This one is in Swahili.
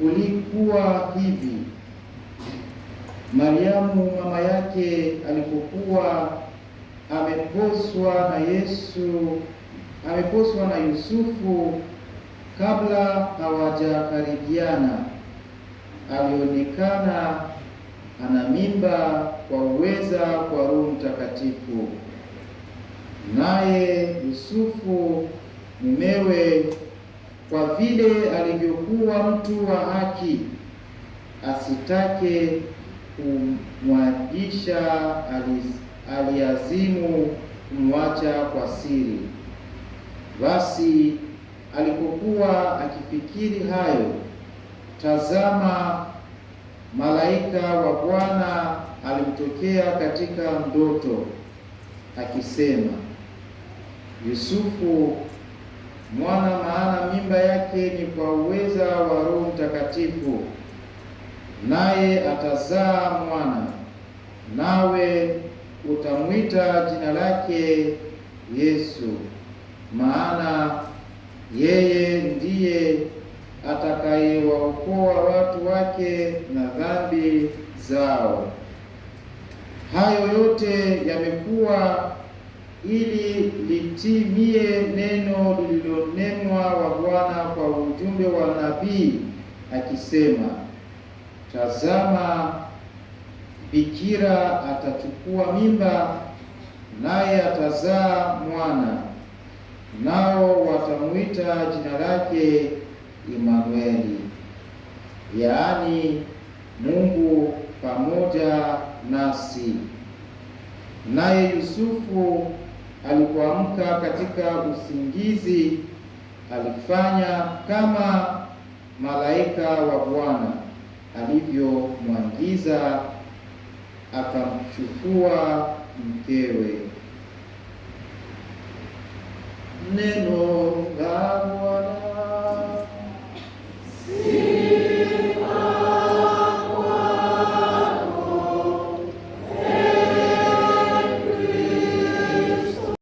ulikuwa hivi: Mariamu mama yake alipokuwa ameposwa na Yesu, ameposwa na Yusufu, kabla hawajakaribiana, alionekana ana mimba kwa uweza kwa Roho Mtakatifu, naye Yusufu mumewe kwa vile alivyokuwa mtu wa haki, asitake kumwajisha aliazimu kumwacha kwa siri. Basi alipokuwa akifikiri hayo, tazama, malaika wa Bwana alimtokea katika ndoto akisema, Yusufu mwana maana mimba yake ni kwa uweza wa Roho Mtakatifu, naye atazaa mwana, nawe utamwita jina lake Yesu, maana yeye ndiye atakayewaokoa watu wake na dhambi zao. Hayo yote yamekuwa ili litimie neno lililonenwa wa Bwana kwa ujumbe wa nabii akisema, tazama, bikira atachukua mimba, naye atazaa mwana, nao watamwita jina lake Imanueli, yaani Mungu pamoja nasi. Naye Yusufu alipoamka katika usingizi, alifanya kama malaika wa Bwana alivyomwagiza, akamchukua mkewe. Neno